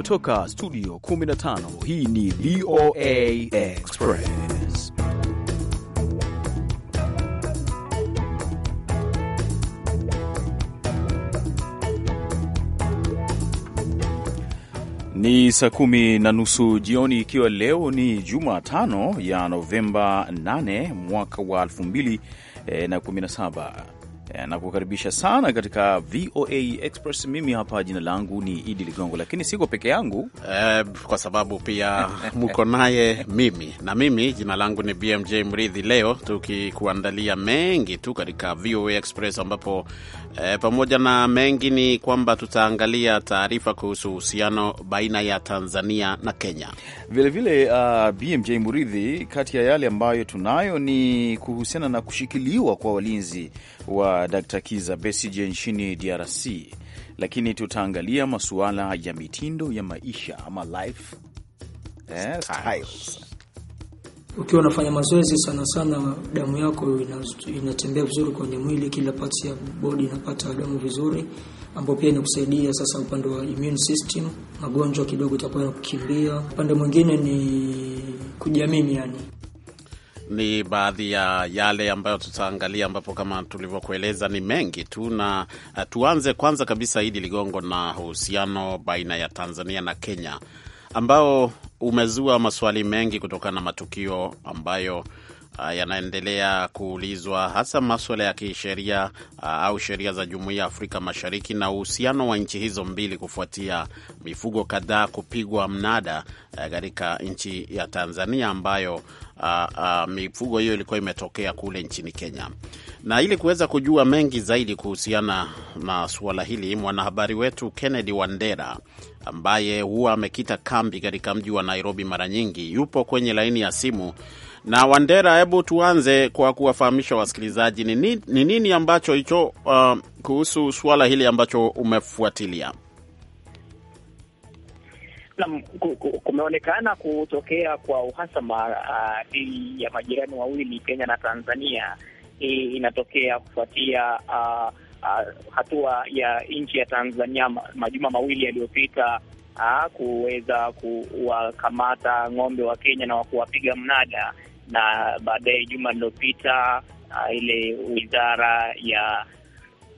kutoka studio 15 hii ni VOA Express. Ni saa kumi na nusu jioni, ikiwa leo ni Jumatano ya Novemba 8 mwaka wa 2017 Eh, na kukaribisha sana katika VOA Express. Mimi hapa jina langu ni Idi Ligongo, lakini siko peke yangu eh, kwa sababu pia mko naye mimi na mimi jina langu ni BMJ Mridhi. Leo tukikuandalia mengi tu katika VOA Express ambapo eh, pamoja na mengi ni kwamba tutaangalia taarifa kuhusu uhusiano baina ya Tanzania na Kenya vilevile vile, uh, ah, BMJ Mridhi, kati ya yale ambayo tunayo ni kuhusiana na kushikiliwa kwa walinzi wa kwa Dkt. Kiza Besije nchini DRC, lakini tutaangalia masuala ya mitindo ya maisha ama life eh, styles. Ukiwa unafanya mazoezi sana sana, damu yako inatembea vizuri kwenye mwili, kila pati ya bodi inapata damu vizuri, ambayo pia inakusaidia sasa upande wa immune system, magonjwa kidogo itakuwa kukimbia. Upande mwingine ni kujiamini yani ni baadhi ya yale ambayo tutaangalia, ambapo kama tulivyokueleza ni mengi tu, na eh, tuanze kwanza kabisa, Idi Ligongo, na uhusiano baina ya Tanzania na Kenya ambao umezua maswali mengi kutokana na matukio ambayo eh, yanaendelea kuulizwa hasa maswala ya kisheria eh, au sheria za Jumuiya ya Afrika Mashariki na uhusiano wa nchi hizo mbili kufuatia mifugo kadhaa kupigwa mnada katika nchi ya Tanzania ambayo uh, mifugo hiyo ilikuwa imetokea kule nchini Kenya. Na ili kuweza kujua mengi zaidi kuhusiana na suala hili, mwanahabari wetu Kennedy Wandera ambaye huwa amekita kambi katika mji wa Nairobi mara nyingi yupo kwenye laini ya simu. Na Wandera, hebu tuanze kwa kuwafahamisha wasikilizaji ni nini ambacho hicho, uh, kuhusu suala hili ambacho umefuatilia. Naam, kumeonekana kutokea kwa uhasama dhidi uh, ya majirani wawili Kenya na Tanzania. Hii inatokea kufuatia uh, uh, hatua ya nchi ya Tanzania majuma mawili yaliyopita uh, kuweza kuwakamata ng'ombe wa Kenya na kuwapiga mnada, na baadaye juma lililopita uh, ile wizara ya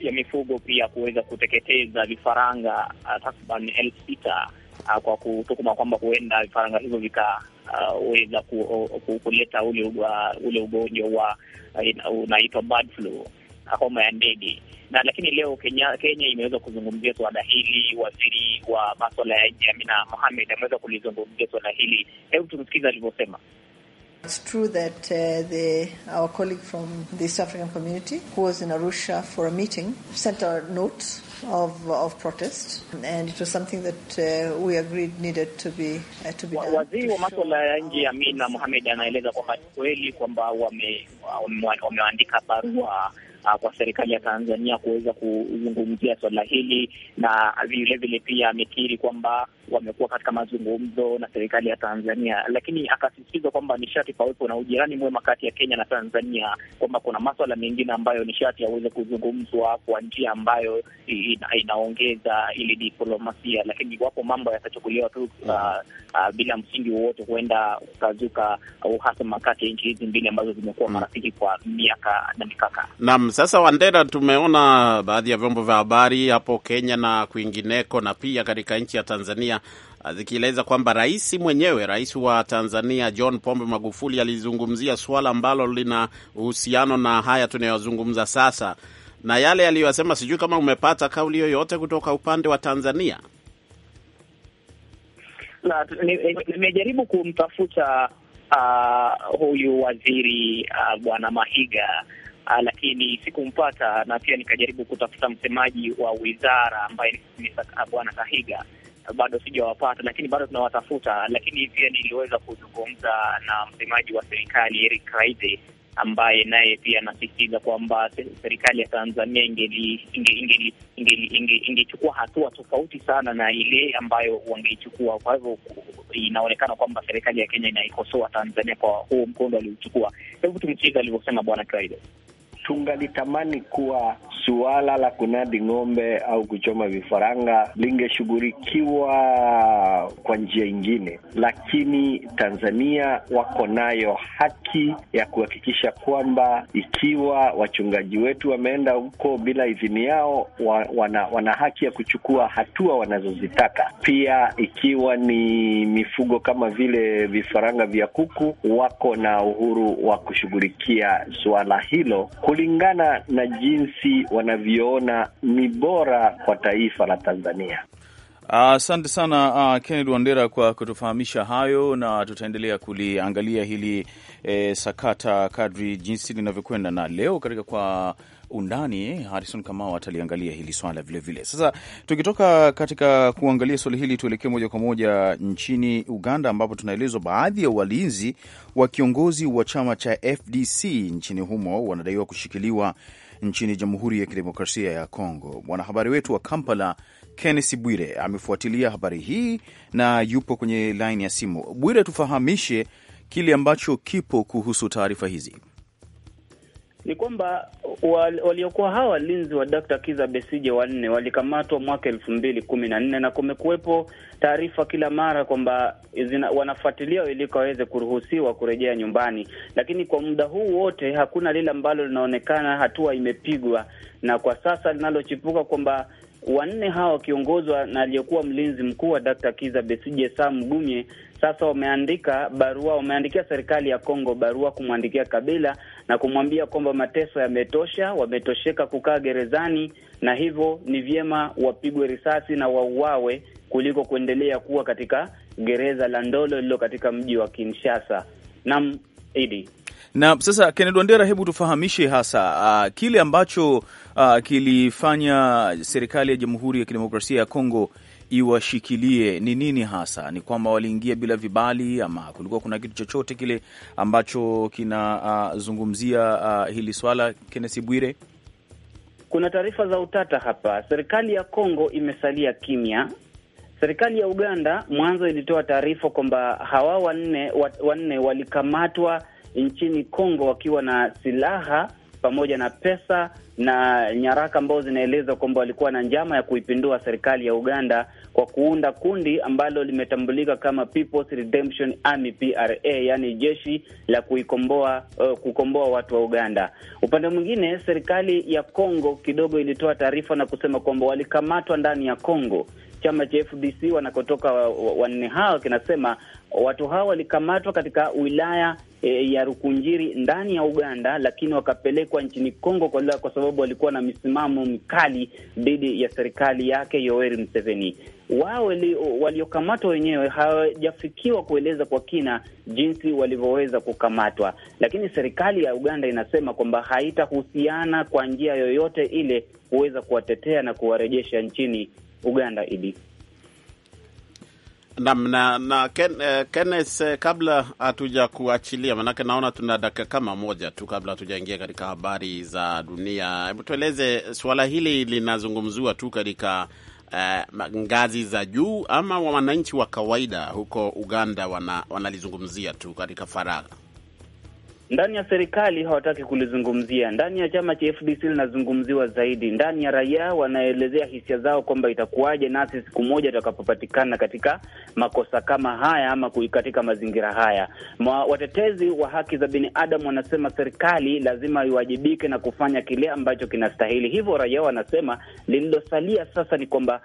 ya mifugo pia kuweza kuteketeza vifaranga uh, takriban elfu sita uh, kwa kusukuma kwamba huenda vifaranga hivyo vikaweza ah, uh, ku, kuleta ule uh, ule ugonjwa wa uh, unaitwa bird flu homa ya ndege. Na lakini leo Kenya, Kenya imeweza kuzungumzia suala hili. Waziri wa maswala ya nje Amina Mohamed ameweza kulizungumzia suala hili. Hebu tumsikiza alivyosema. It's true that uh, the, our colleague from the East African community who was in Arusha for a meeting sent a note of, of protest and it was something that uh, we agreed needed to be uh, to be done. Waziri wa maswala ya nje Amina Mohamed anaeleza kwamba ni kweli kwamba wamewaandika barua mhm. uh, kwa serikali ya Tanzania kuweza kuzungumzia swala hili na vilevile pia amekiri kwamba wamekuwa katika mazungumzo na serikali ya Tanzania, lakini akasisitiza kwamba nishati pawepo na ujirani mwema kati ya Kenya na Tanzania, kwamba kuna maswala mengine ambayo nishati yaweze kuzungumzwa kwa njia ambayo inaongeza ili diplomasia, lakini iwapo mambo yatachukuliwa tu uh, mm-hmm. uh, bila msingi wowote, huenda ukazuka uhasama kati ya nchi hizi mbili ambazo zimekuwa mm-hmm. marafiki kwa miaka na mikaka. Naam, sasa Wandera, tumeona baadhi ya vyombo vya habari hapo Kenya na kwingineko na pia katika nchi ya Tanzania zikieleza kwamba rais mwenyewe, rais wa Tanzania John Pombe Magufuli alizungumzia suala ambalo lina uhusiano na haya tunayozungumza sasa na yale yaliyoasema Sijui kama umepata kauli yoyote kutoka upande wa Tanzania. Nimejaribu kumtafuta uh, huyu waziri uh, bwana Mahiga uh, lakini sikumpata, na pia nikajaribu kutafuta msemaji wa wizara ambaye ni bwana Kahiga bado sijawapata, lakini bado tunawatafuta. Lakini pia niliweza kuzungumza na msemaji wa serikali Eric Raide ambaye naye pia anasisitiza kwamba serikali ya Tanzania ingechukua inge, inge, inge, inge, inge hatua tofauti sana na ile ambayo wangeichukua. Kwa hivyo inaonekana kwamba serikali ya Kenya inaikosoa Tanzania kwa huo mkondo aliochukua. Hebu tumsikiza alivyosema Bwana Kraide tungalitamani kuwa suala la kunadi ng'ombe au kuchoma vifaranga lingeshughulikiwa kwa njia ingine, lakini Tanzania wako nayo haki ya kuhakikisha kwamba ikiwa wachungaji wetu wameenda huko bila idhini yao, wa, wana, wana haki ya kuchukua hatua wanazozitaka. Pia ikiwa ni mifugo kama vile vifaranga vya kuku, wako na uhuru wa kushughulikia suala hilo kulingana na jinsi wanavyoona ni bora kwa taifa la Tanzania. Asante uh, sana uh, Kennedy Wandera kwa kutufahamisha hayo, na tutaendelea kuliangalia hili eh, sakata kadri jinsi linavyokwenda, na leo katika kwa undani harison Kamau ataliangalia hili swala vilevile Sasa tukitoka katika kuangalia swala hili, tuelekee moja kwa moja nchini Uganda ambapo tunaelezwa baadhi ya walinzi wa kiongozi wa chama cha FDC nchini humo wanadaiwa kushikiliwa nchini Jamhuri ya Kidemokrasia ya Kongo. Mwanahabari wetu wa Kampala Kenneth Bwire amefuatilia habari hii na yupo kwenye laini ya simu. Bwire, tufahamishe kile ambacho kipo kuhusu taarifa hizi. Ni kwamba waliokuwa hawa walinzi wa Dr. Kiza Besije wanne walikamatwa mwaka elfu mbili kumi na nne na kumekuwepo taarifa kila mara kwamba wanafuatiliwa ili waweze kuruhusiwa kurejea nyumbani, lakini kwa muda huu wote hakuna lile ambalo linaonekana hatua imepigwa, na kwa sasa linalochipuka kwamba Wanne hawa wakiongozwa na aliyekuwa mlinzi mkuu wa Dkt. Kiza Besije Saa Mgumye sasa wameandika barua, wameandikia serikali ya Kongo barua kumwandikia Kabila na kumwambia kwamba mateso yametosha, wametosheka kukaa gerezani, na hivyo ni vyema wapigwe risasi na wauawe kuliko kuendelea kuwa katika gereza la Ndolo lililo katika mji wa Kinshasa. nam Idi. Na sasa Kennedy Wandera, hebu tufahamishe hasa uh, kile ambacho uh, kilifanya serikali ya Jamhuri ya Kidemokrasia ya Kongo iwashikilie ni nini hasa? Ni kwamba waliingia bila vibali ama kulikuwa kuna kitu chochote kile ambacho kinazungumzia uh, uh, hili swala? kennesi Bwire, kuna taarifa za utata hapa. Serikali ya Kongo imesalia kimya. Serikali ya Uganda mwanzo ilitoa taarifa kwamba hawa wanne wanne walikamatwa nchini Kongo wakiwa na silaha pamoja na pesa na nyaraka ambazo zinaeleza kwamba walikuwa na njama ya kuipindua serikali ya Uganda kwa kuunda kundi ambalo limetambulika kama People's Redemption Army PRA, yaani jeshi la kuikomboa uh, kukomboa watu wa Uganda. Upande mwingine, serikali ya Kongo kidogo ilitoa taarifa na kusema kwamba walikamatwa ndani ya Kongo. Chama cha FDC wanakotoka wanne hao kinasema watu hao walikamatwa katika wilaya e, ya Rukunjiri ndani ya Uganda, lakini wakapelekwa nchini Kongo kwa, kwa sababu walikuwa na misimamo mikali dhidi ya serikali yake Yoweri Museveni. Wao waliokamatwa wenyewe hawajafikiwa kueleza kwa kina jinsi walivyoweza kukamatwa, lakini serikali ya Uganda inasema kwamba haitahusiana kwa njia yoyote ile kuweza kuwatetea na kuwarejesha nchini Uganda. ili Nam na, na Ken, eh, Kenneth, eh, kabla hatuja kuachilia, manake naona tuna dakika kama moja tu kabla hatujaingia katika habari za dunia, hebu tueleze suala hili linazungumziwa tu katika eh, ngazi za juu ama wananchi wa kawaida huko Uganda wanalizungumzia wana tu katika faragha? ndani ya serikali hawataki kulizungumzia, ndani ya chama cha FDC linazungumziwa zaidi, ndani ya raia wanaelezea hisia zao kwamba itakuwaje nasi siku moja tutakapopatikana katika makosa kama haya ama katika mazingira haya. Mwa watetezi wa haki za binadamu wanasema serikali lazima iwajibike na kufanya kile ambacho kinastahili. Hivyo raia wanasema lililosalia sasa ni kwamba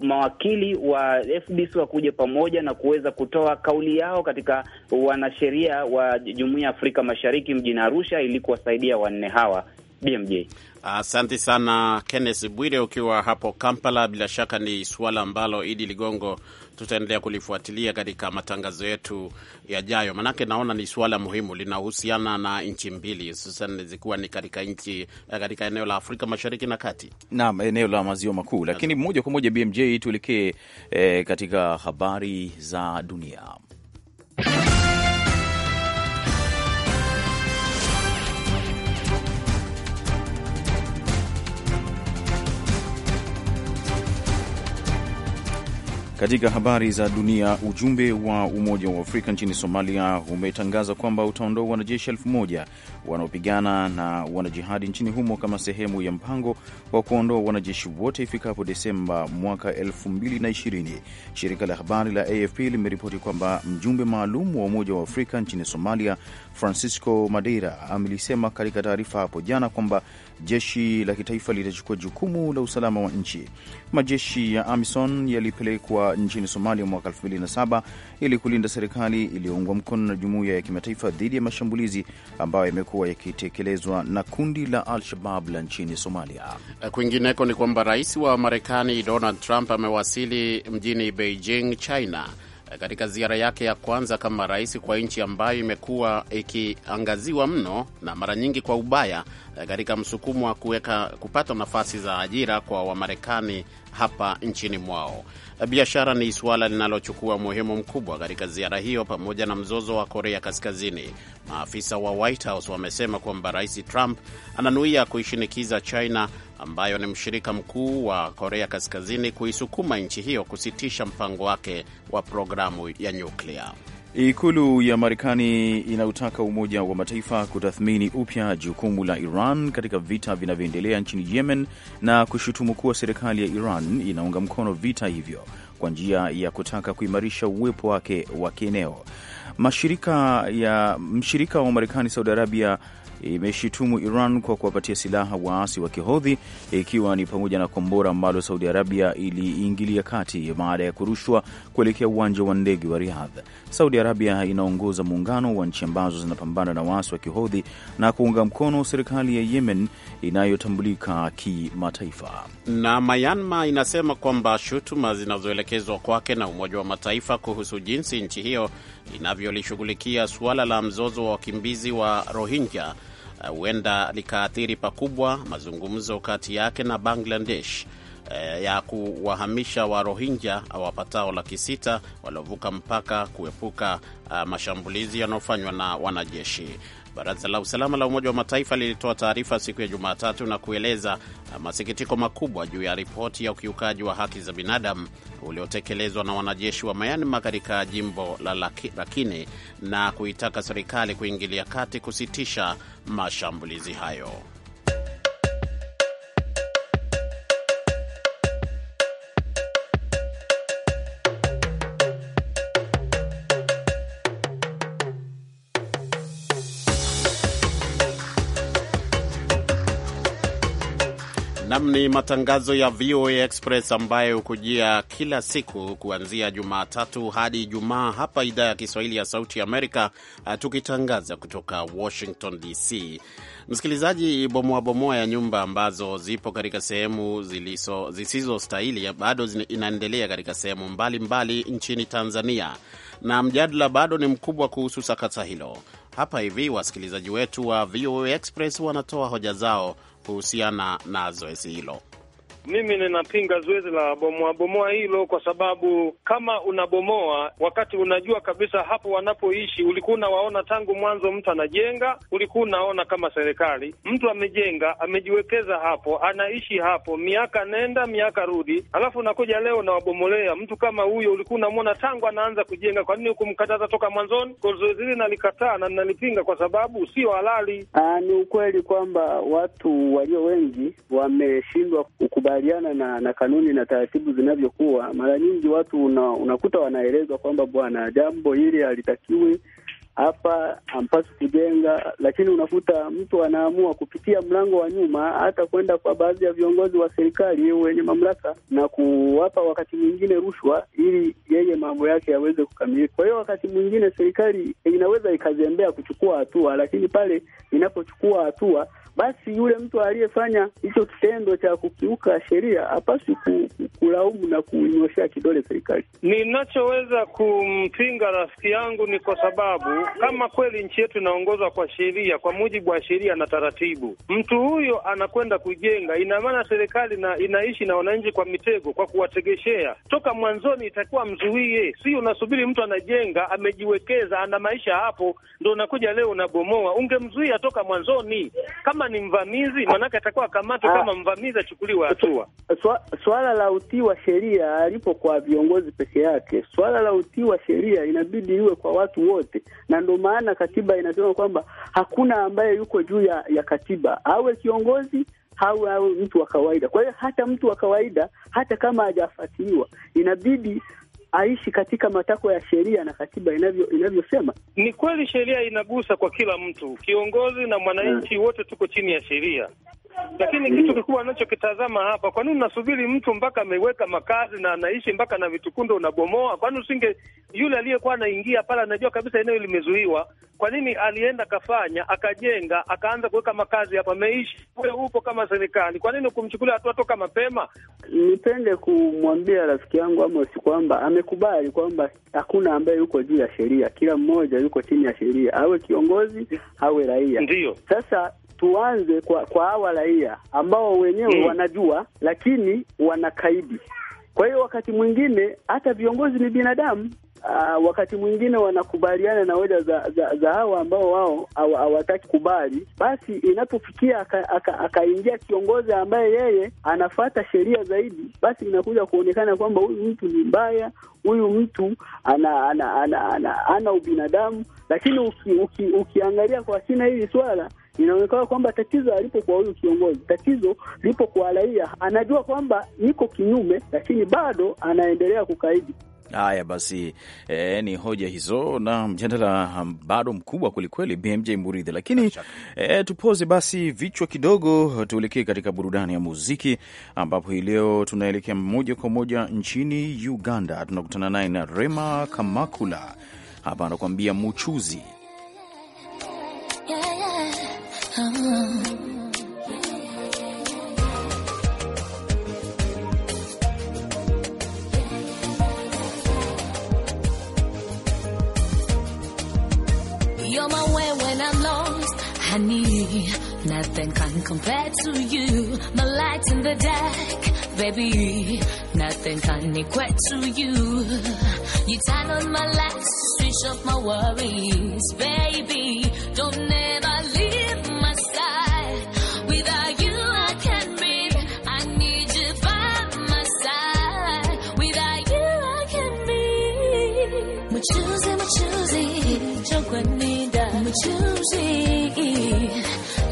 mawakili wa FDC wakuje pamoja na kuweza kutoa kauli yao katika wanasheria wa jumuiya ya Afrika Mashariki Mashariki mjini Arusha ili kuwasaidia wanne hawa. BMJ. Asante sana Kenneth Bwire ukiwa hapo Kampala. Bila shaka ni suala ambalo Idi Ligongo tutaendelea kulifuatilia katika matangazo yetu yajayo, manake naona ni suala muhimu, linahusiana na nchi mbili, hususan zikiwa ni katika nchi katika eneo la Afrika Mashariki na Kati, naam, eneo la maziwa makuu. Lakini moja kwa moja BMJ, tuelekee eh, katika habari za dunia. Katika habari za dunia, ujumbe wa Umoja wa Afrika nchini Somalia umetangaza kwamba utaondoa wanajeshi elfu moja wanaopigana na wanajihadi nchini humo kama sehemu ya mpango wa kuondoa wanajeshi wote ifikapo Desemba mwaka 2020. Shirika la habari la AFP limeripoti kwamba mjumbe maalum wa Umoja wa Afrika nchini Somalia, Francisco Madeira, amelisema katika taarifa hapo jana kwamba jeshi la kitaifa litachukua jukumu la usalama wa nchi. Majeshi ya AMISON yalipelekwa nchini Somalia mwaka 2007 ili kulinda serikali iliyoungwa mkono na jumuiya ya kimataifa dhidi ya mashambulizi ambayo yamekuwa yamekuwa yakitekelezwa na kundi la Al-Shabab la nchini Somalia. Kwingineko ni kwamba rais wa Marekani Donald Trump amewasili mjini Beijing, China, katika ziara yake ya kwanza kama rais kwa nchi ambayo imekuwa ikiangaziwa mno na mara nyingi kwa ubaya katika msukumo wa kuweka kupata nafasi za ajira kwa Wamarekani hapa nchini mwao. Biashara ni suala linalochukua muhimu mkubwa katika ziara hiyo, pamoja na mzozo wa Korea Kaskazini. Maafisa wa White House wamesema kwamba Rais Trump ananuia kuishinikiza China, ambayo ni mshirika mkuu wa Korea Kaskazini, kuisukuma nchi hiyo kusitisha mpango wake wa programu ya nyuklia. Ikulu ya Marekani inautaka Umoja wa Mataifa kutathmini upya jukumu la Iran katika vita vinavyoendelea nchini Yemen na kushutumu kuwa serikali ya Iran inaunga mkono vita hivyo kwa njia ya kutaka kuimarisha uwepo wake wa kieneo. Mashirika ya mshirika wa Marekani, Saudi Arabia imeshitumu Iran kwa kuwapatia silaha waasi wa Kihodhi, ikiwa ni pamoja na kombora ambalo Saudi Arabia iliingilia kati baada ya kurushwa kuelekea uwanja wa ndege wa riadh Saudi Arabia inaongoza muungano wa nchi ambazo zinapambana na waasi wa Kihodhi na kuunga mkono serikali ya Yemen inayotambulika kimataifa. Na Myanmar inasema kwamba shutuma zinazoelekezwa kwake na Umoja wa Mataifa kuhusu jinsi nchi hiyo linavyolishughulikia suala la mzozo wa wakimbizi wa Rohingya eh, huenda likaathiri pakubwa mazungumzo kati yake na Bangladesh eh, ya kuwahamisha wa Rohingya wapatao laki sita waliovuka mpaka kuepuka ah, mashambulizi yanayofanywa na wanajeshi. Baraza la Usalama la Umoja wa Mataifa lilitoa taarifa siku ya Jumatatu na kueleza uh, masikitiko makubwa juu ya ripoti ya ukiukaji wa haki za binadamu uliotekelezwa na wanajeshi wa Myanmar katika jimbo la Rakhine na kuitaka serikali kuingilia kati kusitisha mashambulizi hayo. Nam ni matangazo ya VOA Express ambayo hukujia kila siku kuanzia Jumatatu hadi Ijumaa hapa idhaa ya Kiswahili ya Sauti Amerika, ah, tukitangaza kutoka Washington DC. Msikilizaji, bomoa bomoa ya nyumba ambazo zipo katika sehemu zisizostahili bado inaendelea katika sehemu mbalimbali nchini Tanzania, na mjadala bado ni mkubwa kuhusu sakata hilo. Hapa hivi wasikilizaji wetu wa VOA Express wanatoa hoja zao kuhusiana na zoezi hilo. Mimi ninapinga zoezi la bomoa bomoa hilo, kwa sababu kama unabomoa wakati unajua kabisa hapo wanapoishi, ulikuwa unawaona tangu mwanzo, mtu anajenga, ulikuwa unaona kama serikali, mtu amejenga, amejiwekeza hapo, anaishi hapo miaka nenda miaka rudi, alafu unakuja leo unawabomolea. Mtu kama huyo ulikuwa unamwona tangu anaanza kujenga, kwa nini hukumkataza toka mwanzoni? Kwa zoezi hili nalikataa na nalipinga kwa sababu sio halali. Ah, ni ukweli kwamba watu walio wengi wameshindwa kukubali kukubaliana na, na kanuni na taratibu zinavyokuwa. Mara nyingi watu una, unakuta wanaelezwa kwamba bwana, jambo hili halitakiwi hapa, hampaswi kujenga, lakini unakuta mtu anaamua kupitia mlango wa nyuma, hata kwenda kwa baadhi ya viongozi wa serikali wenye mamlaka na kuwapa wakati mwingine rushwa, ili yeye mambo yake yaweze kukamilika. Kwa hiyo wakati mwingine serikali inaweza ikazembea kuchukua hatua, lakini pale inapochukua hatua basi yule mtu aliyefanya hicho kitendo cha kukiuka sheria hapaswi kulaumu na kunyoshea kidole serikali. Ninachoweza kumpinga rafiki yangu ni kwa sababu kama kweli nchi yetu inaongozwa kwa sheria, kwa mujibu wa sheria na taratibu, mtu huyo anakwenda kujenga, ina maana serikali na inaishi na wananchi kwa mitego, kwa kuwategeshea toka mwanzoni. Itakuwa mzuie, sio unasubiri mtu anajenga, amejiwekeza, ana maisha hapo, ndo unakuja leo unabomoa. Ungemzuia toka mwanzoni kama kama ni mvamizi, ah. maanake atakuwa akamatwa ah. kama mvamizi, achukuliwe hatua. Swala la utii wa sheria alipo kwa viongozi peke yake. Swala la utii wa sheria inabidi iwe kwa watu wote, na ndio maana katiba inasema kwamba hakuna ambaye yuko juu ya, ya katiba, awe kiongozi au awe mtu wa kawaida. Kwa hiyo hata mtu wa kawaida, hata kama hajafuatiliwa, inabidi aishi katika matakwa ya sheria na katiba inavyo inavyosema. Ni kweli sheria inagusa kwa kila mtu, kiongozi na mwananchi, eh. wote tuko chini ya sheria, lakini kitu kikubwa anachokitazama hapa, kwa nini unasubiri mtu mpaka ameweka makazi na anaishi mpaka na vitukundo unabomoa? nini usinge yule aliyekuwa anaingia pale anajua kabisa eneo limezuiwa, kwa nini alienda kafanya akajenga akaanza kuweka makazi hapa ameishi? Wewe upo kama serikali, kwa nini kumchukulia hatua toka mapema? Nipende kumwambia rafiki yangu Amos kwamba amekubali kwamba hakuna ambaye yuko juu ya sheria, kila mmoja yuko chini ya sheria, awe kiongozi awe raia. Ndiyo sasa tuanze kwa kwa hawa raia ambao wenyewe mm. wanajua lakini wanakaidi. Kwa hiyo wakati mwingine hata viongozi ni binadamu. Aa, ah, wakati mwingine wanakubaliana na hoja za, za, za hawa ambao wao hawataki kubali. Basi inapofikia akaingia aka, kiongozi ambaye yeye anafata sheria zaidi, basi inakuja kuonekana kwamba huyu mtu ni mbaya, huyu mtu ana ana ana, ana, ana, ana ubinadamu. Lakini uki, uki, ukiangalia kwa kina hili swala inaonekana kwamba tatizo alipo kwa huyu kiongozi, tatizo lipo kwa raia. Anajua kwamba niko kinyume, lakini bado anaendelea kukaidi. Haya basi, e, ni hoja hizo na mjadala bado mkubwa kwelikweli, BMJ Muridhi. Lakini e, tupoze basi vichwa kidogo, tuelekee katika burudani ya muziki, ambapo hii leo tunaelekea moja kwa moja nchini Uganda. Tunakutana naye na Rema Kamakula, hapa anakuambia muchuzi. yeah, yeah. You're my way when I'm lost, honey. Nothing can compare to you. My light in the dark, baby. Nothing can equate to you. You turn on my lights, switch off my worries, baby. Don't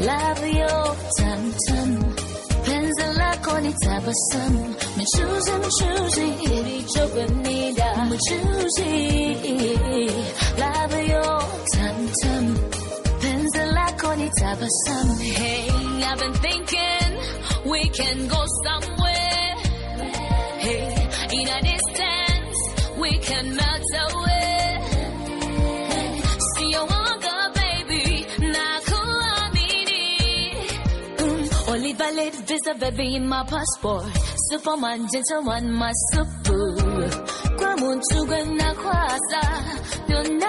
love You're tabasamu mchuzi mchuzi ilichopenida mchuzi ladha yo tamtam penzi lako ni tabasamu hey I've been thinking we can go somewhere hey in a distance we can melt away is a baby in my passport. Superman, gentleman, my super. Kwamun chugan na kwasa. know.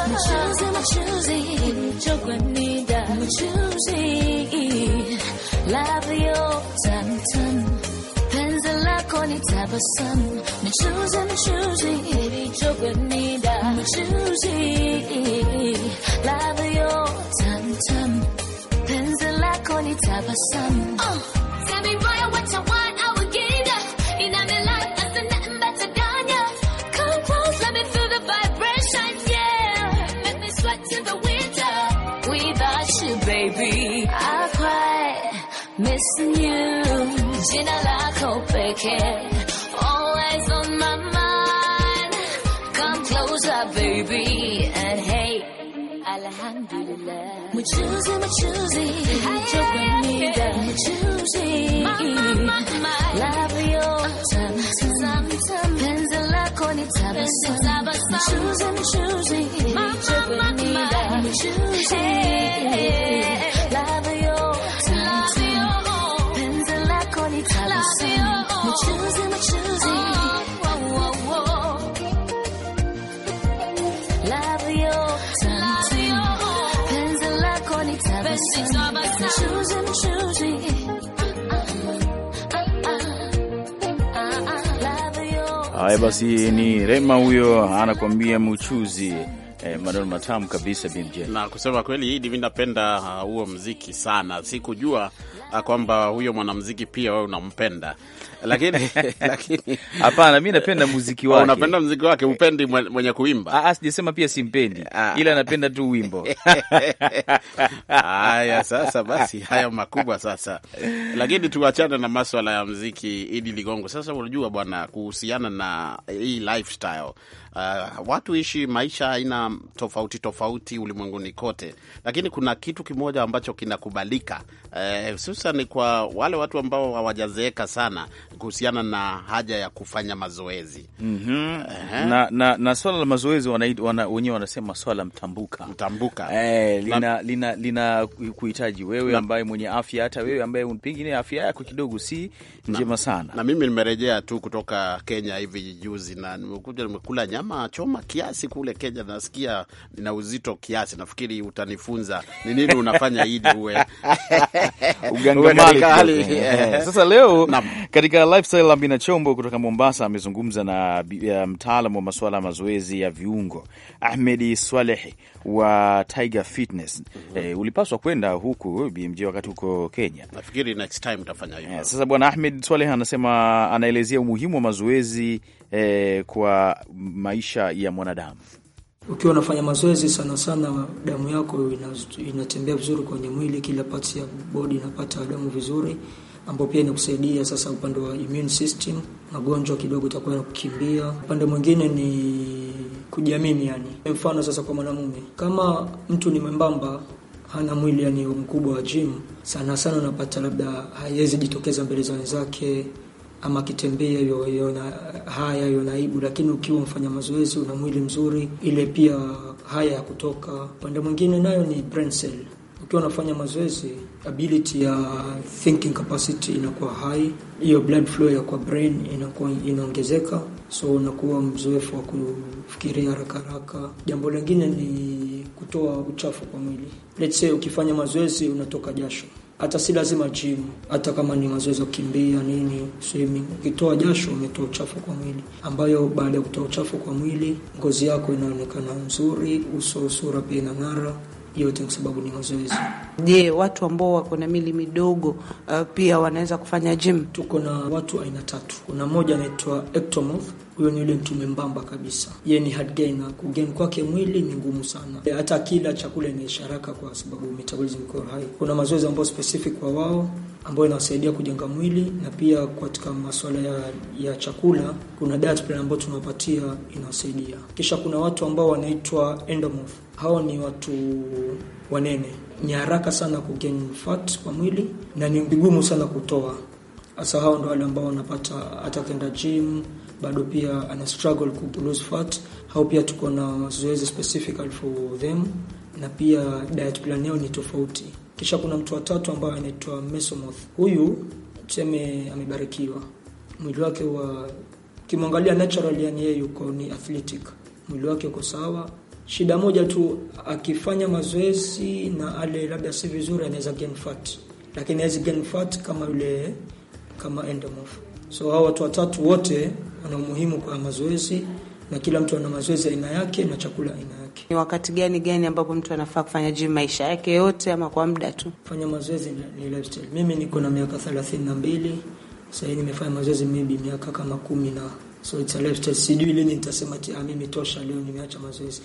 I'm choosing, I'm choosing. Chugan nida. I'm choosing. Love your time tum. Pencil like on it, have a sun. I'm choosing, I'm choosing. Baby, chugan nida. I'm choosing. Love your time tum. Oh, 잡았음 Tell me right what you want I will give up. In 이 남의 life that's nothing but the ganya Come close let me feel the vibration. yeah Make me sweat to the winter Without you baby I cry missing you 지나라 고백해 love. We're choosing, we're choosing. Yo conmigo. We're choosing. Labio tam tam tam. Penzi lako ni tabasamu. We're choosing, we're choosing. Haya basi, ni Rema huyo anakuambia mchuzi. Eh, maneno matamu kabisa BMJ. Na kusema kweli hii divi napenda ah, huo uh, mziki sana. Sikujua kwamba huyo mwanamuziki pia wewe unampenda, lakini lakini hapana, mimi napenda muziki oh, wake. Unapenda muziki wake, upendi mwenye kuimba? Ah, ah, sijasema pia simpendi, ah. ila napenda tu wimbo. Haya, sasa basi, haya makubwa sasa. Lakini tuachane na maswala ya muziki, Idi Ligongo. Sasa unajua bwana, kuhusiana na hii lifestyle uh, watu ishi maisha aina tofauti tofauti ulimwenguni kote, lakini kuna kitu kimoja ambacho kinakubalika uh, hususan kwa wale watu ambao hawajazeeka sana kuhusiana na haja ya kufanya mazoezi mm -hmm. uh -huh. na, na, na swala la mazoezi wenyewe wana, wanasema swala mtambuka mtambuka eh, lina, lina, lina kuhitaji wewe na, ambaye mwenye afya hata wewe ambaye pengine afya yako kidogo si njema na, sana. Na mimi nimerejea tu kutoka Kenya hivi juzi na nimekuja nimekula nyama choma kiasi kule Kenya, nasikia nina uzito kiasi, nafikiri utanifunza ni nini unafanya ili uwe Eh. Eh. Sasa leo katika lifestyle, Amina Chombo kutoka Mombasa amezungumza na mtaalamu wa masuala ya mazoezi ya viungo ahmed swaleh wa Tiger Fitness. mm -hmm. E, ulipaswa kwenda huku BMJ wakati huko Kenya. Nafikiri next time utafanya hivyo. E, sasa bwana Ahmed Swaleh anasema, anaelezea umuhimu wa mazoezi e, kwa maisha ya mwanadamu. Ukiwa unafanya mazoezi sana sana, damu yako inatembea vizuri kwenye mwili, kila parts ya body inapata damu vizuri, ambapo pia inakusaidia sasa upande wa immune system, magonjwa kidogo itakuwa kukimbia. Upande mwingine ni kujiamini, yani mfano sasa kwa mwanamume, kama mtu ni mwembamba hana mwili yani mkubwa wa gym, sana sana unapata labda haiwezi jitokeza mbele za wenzake ama akitembea yona haya yonaibu, lakini ukiwa mfanya mazoezi, una mwili mzuri, ile pia haya ya kutoka. Upande mwingine nayo ni brain cell. Ukiwa unafanya mazoezi, ability ya thinking capacity inakuwa high, hiyo blood flow ya kwa brain inakuwa inaongezeka, so unakuwa mzoefu wa kufikiria haraka haraka. Jambo lingine ni kutoa uchafu kwa mwili. Let's say ukifanya mazoezi unatoka jasho hata si lazima gym, hata kama ni mazoezi ya kukimbia nini, swimming. Ukitoa jasho umetoa uchafu kwa mwili, ambayo baada ya kutoa uchafu kwa mwili ngozi yako inaonekana nzuri, uso, sura pia inang'ara yote kwa sababu ni mazoezi. Je, watu ambao wako na mili midogo uh, pia wanaweza kufanya gym? Tuko na watu aina tatu. Kuna mmoja anaitwa ectomorph huyo ni yule mtu membamba kabisa, yeye ni hard gainer. Kugain kwake mwili ni ngumu sana, hata kila chakula inaisha haraka kwa sababu metabolism iko hai. Kuna mazoezi ambayo specific kwa wao ambayo inawasaidia kujenga mwili na pia katika masuala ya, ya chakula kuna diet plan ambayo tunawapatia inawasaidia. Kisha kuna watu ambao wanaitwa endomorph. Hao ni watu wanene, ni haraka sana kugen fat kwa mwili na ni vigumu sana kutoa. Hasa hao ndo wale ambao wanapata hata kenda gym bado pia ana struggle ku lose fat. Hao pia tuko na mazoezi specific for them, na pia diet plan yao ni tofauti. Kisha kuna mtu watatu ambaye anaitwa Mesomoth. Huyu tuseme amebarikiwa mwili wake wa kimwangalia naturally, yani yeye yuko ni athletic, mwili wake uko sawa. Shida moja tu akifanya mazoezi na ale labda si vizuri, anaweza gain fat, lakini hawezi gain fat kama yule kama Endomorph. So hao watu watatu wote wana umuhimu kwa mazoezi na kila mtu ana mazoezi aina yake na chakula aina yake. Ni wakati gani gani ambapo mtu anafaa kufanya gym maisha yake yote ama kwa muda tu? fanya mazoezi ni lifestyle. Mimi niko na miaka 32. Sasa hivi nimefanya mazoezi maybe miaka kama kumi na so it's a lifestyle. Sijui lini nitasema ti ah, mimi tosha, leo nimeacha mazoezi.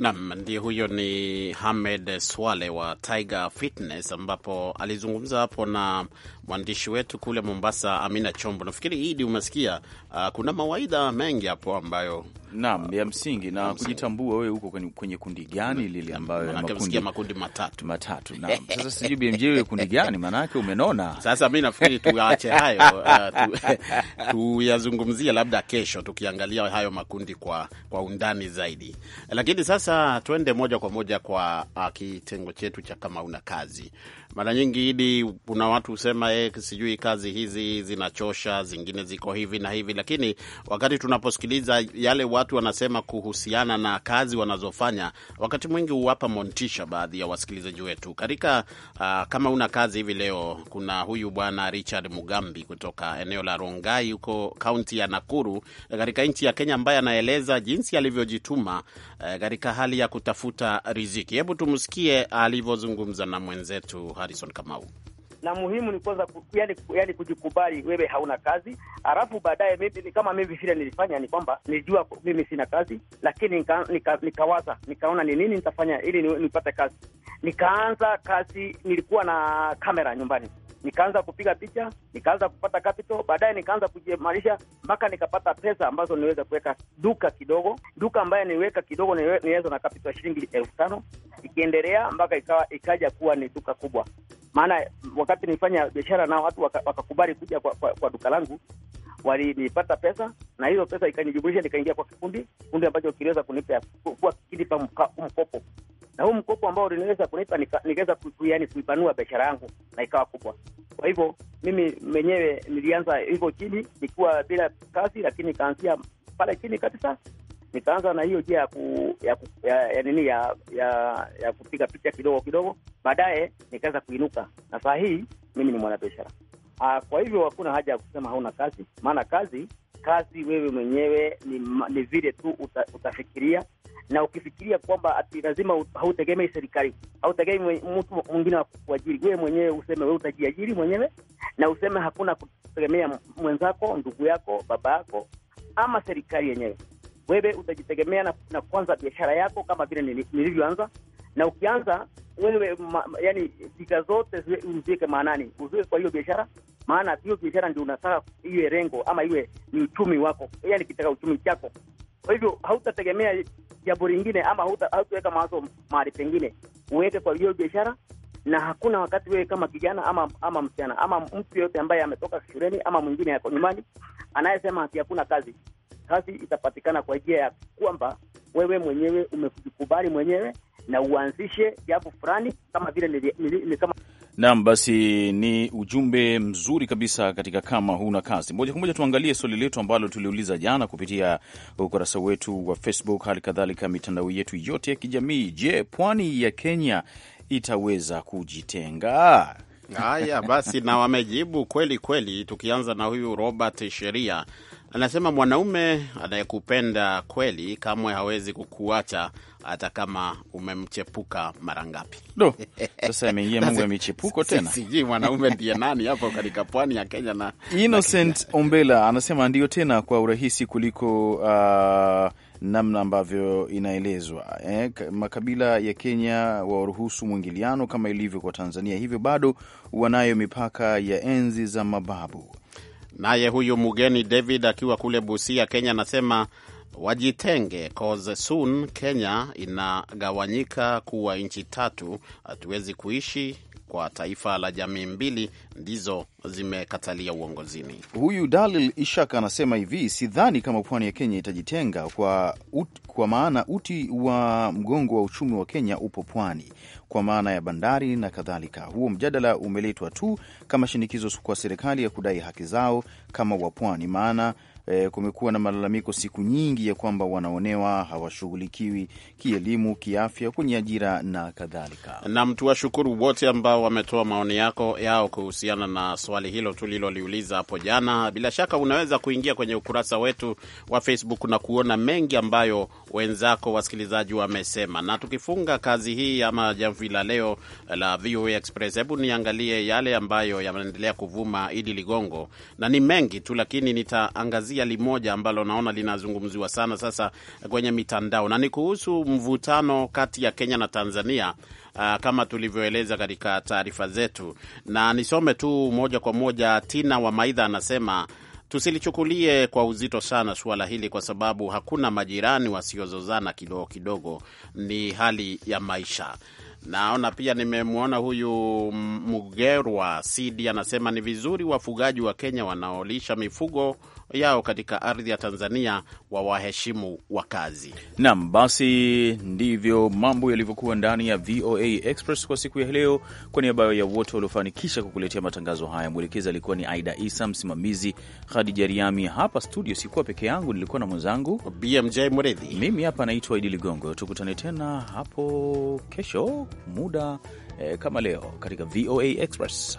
Nam, ndiye huyo ni Hamed Swale wa Tiger Fitness, ambapo alizungumza hapo na mwandishi wetu kule Mombasa, Amina Chombo. Nafikiri Idi umesikia, uh, kuna mawaidha mengi hapo ambayo nam uh, ya msingi na msingi. kujitambua wewe huko kwenye kwenye kundi gani lile, ambayo makundi, makundi matatu matatu. Naam, sasa sijui BMJ wewe kundi gani? Maanake umenona. Sasa mi nafikiri tuache hayo uh, tu, tuyazungumzie labda kesho, tukiangalia hayo makundi kwa, kwa undani zaidi, lakini sasa sasa tuende moja kwa moja kwa uh, kitengo chetu cha kama una kazi mara nyingi Idi, kuna watu husema e, sijui kazi hizi zinachosha, zingine ziko hivi na hivi, lakini wakati tunaposikiliza yale watu wanasema kuhusiana na kazi wanazofanya, wakati mwingi huwapa montisha baadhi ya wasikilizaji wetu katika uh, kama una kazi hivi leo. Kuna huyu bwana Richard Mugambi kutoka eneo la Rongai huko kaunti ya Nakuru eh, katika nchi ya Kenya, ambaye anaeleza jinsi alivyojituma eh, katika uh, hali ya kutafuta riziki. Hebu tumsikie alivyozungumza na mwenzetu. Harrison Kamau? Na muhimu ni kwanza yani, yani kujikubali wewe hauna kazi, alafu baadaye kama mimi vile nilifanya ni kwamba nilijua mimi sina kazi, lakini nikawaza nika, nika nikaona ni nini nitafanya ili nipate kazi. Nikaanza kazi, nilikuwa na kamera nyumbani nikaanza kupiga picha, nikaanza kupata capital, baadaye nikaanza kujimarisha mpaka nikapata pesa ambazo niweza kuweka duka kidogo, duka ambaye niweka kidogo niweza na capital shilingi elfu tano ikiendelea mpaka ikawa ikaja kuwa ni duka kubwa. Maana wakati nifanya biashara na watu wakakubali waka kuja kwa, kwa, kwa duka langu walinipata pesa na hiyo pesa ikanijumuisha, nikaingia kwa kikundi kundi ambacho kiliweza kunipa kuwa pa mkopo na huu mkopo ambao uliniweza kunipa nikaweza yani kuipanua biashara yangu na ikawa kubwa. Kwa hivyo mimi mwenyewe nilianza hivyo chini, nikiwa bila kazi, lakini nikaanzia pale chini kabisa, nikaanza na hiyo njia ya ku, ya, ya, ya nini ya ya, ya kupiga picha kidogo kidogo, baadaye nikaweza kuinuka na saa hii mimi ni mwanabiashara. Ah, kwa hivyo hakuna haja ya kusema hauna kazi, maana kazi kazi wewe mwenyewe ni, ni vile tu uta, utafikiria na ukifikiria kwamba ati lazima hautegemei serikali, hautegemei mtu mwingine wa kuajiri, wewe mwenyewe useme wewe utajiajiri mwenyewe, na useme hakuna kutegemea mwenzako, ndugu yako, baba yako ama serikali yenyewe. Wewe utajitegemea na, na kwanza biashara yako kama vile nilivyoanza, na ukianza wewe ma, yani fika zote uziweke maanani, uziweke kwa hiyo biashara, maana hiyo biashara ndio unataka iwe rengo ama iwe ni uchumi wako, yani kitaka uchumi chako. Kwa hivyo hautategemea jambo lingine ama hautaweka mawazo mahali pengine, uweke kwa hiyo biashara. Na hakuna wakati wewe kama kijana ama ama msichana ama mtu yoyote ambaye ametoka shuleni ama mwingine yako nyumbani anayesema ati hakuna kazi. Kazi itapatikana kwa njia ya kwamba wewe mwenyewe umejikubali mwenyewe na uanzishe jambo fulani kama vile ni kama Naam, basi ni ujumbe mzuri kabisa katika kama huna kazi. Moja kwa moja tuangalie swali letu ambalo tuliuliza jana kupitia ukurasa wetu wa Facebook, hali kadhalika mitandao yetu yote ya kijamii. Je, pwani ya Kenya itaweza kujitenga? Haya basi, na wamejibu kweli kweli. Tukianza na huyu Robert Sheria anasema, mwanaume anayekupenda kweli kamwe hawezi kukuacha hata kama umemchepuka mara ngapi. Do sasa ameingia Mungu amechepuko tena, sijui mwanaume ndiye nani hapo katika pwani ya Kenya. Na Innocent Ombela anasema ndiyo tena, kwa urahisi kuliko uh, namna ambavyo inaelezwa eh, makabila ya Kenya waruhusu mwingiliano kama ilivyo kwa Tanzania, hivyo bado wanayo mipaka ya enzi za mababu. Naye huyu mgeni David akiwa kule Busia, Kenya, anasema wajitenge cause soon Kenya inagawanyika kuwa nchi tatu. Hatuwezi kuishi kwa taifa la jamii mbili ndizo zimekatalia uongozini. Huyu Dalil Ishak anasema hivi, sidhani kama pwani ya Kenya itajitenga kwa, ut, kwa maana uti wa mgongo wa uchumi wa Kenya upo pwani, kwa maana ya bandari na kadhalika. Huo mjadala umeletwa tu kama shinikizo kwa serikali ya kudai haki zao kama wapwani, maana e, kumekuwa na malalamiko siku nyingi ya kwamba wanaonewa, hawashughulikiwi kielimu, kiafya, kwenye ajira na kadhalika. Nam, tuwashukuru wote ambao wametoa maoni yako yao kuhusiana na swali hilo tuliloliuliza hapo jana. Bila shaka unaweza kuingia kwenye ukurasa wetu wa Facebook na kuona mengi ambayo wenzako wasikilizaji wamesema, na tukifunga kazi hii ama jamvi la leo la VOA Express, hebu niangalie yale ambayo yanaendelea kuvuma, Idi Ligongo, na ni mengi tu, lakini nitaangazia limegusia limoja ambalo naona linazungumziwa sana sasa kwenye mitandao na ni kuhusu mvutano kati ya Kenya na Tanzania. Uh, kama tulivyoeleza katika taarifa zetu, na nisome tu moja kwa moja. Tina wa Maidha anasema tusilichukulie kwa uzito sana suala hili kwa sababu hakuna majirani wasiozozana kidogo kidogo, ni hali ya maisha. Naona pia nimemwona huyu Mugerwa Sidi anasema ni vizuri wafugaji wa Kenya wanaolisha mifugo yao katika ardhi ya Tanzania wa waheshimu wakazi. Naam, basi ndivyo mambo yalivyokuwa ndani ya VOA Express kwa siku ya leo. Kwa niaba ya wote waliofanikisha kukuletea matangazo haya, mwelekezi alikuwa ni Aida Isa, msimamizi Khadija Riami. Hapa studio sikuwa peke yangu, nilikuwa na mwenzangu BMJ Mridhi. Mimi hapa naitwa Idi Ligongo. Tukutane tena hapo kesho muda eh, kama leo katika VOA Express.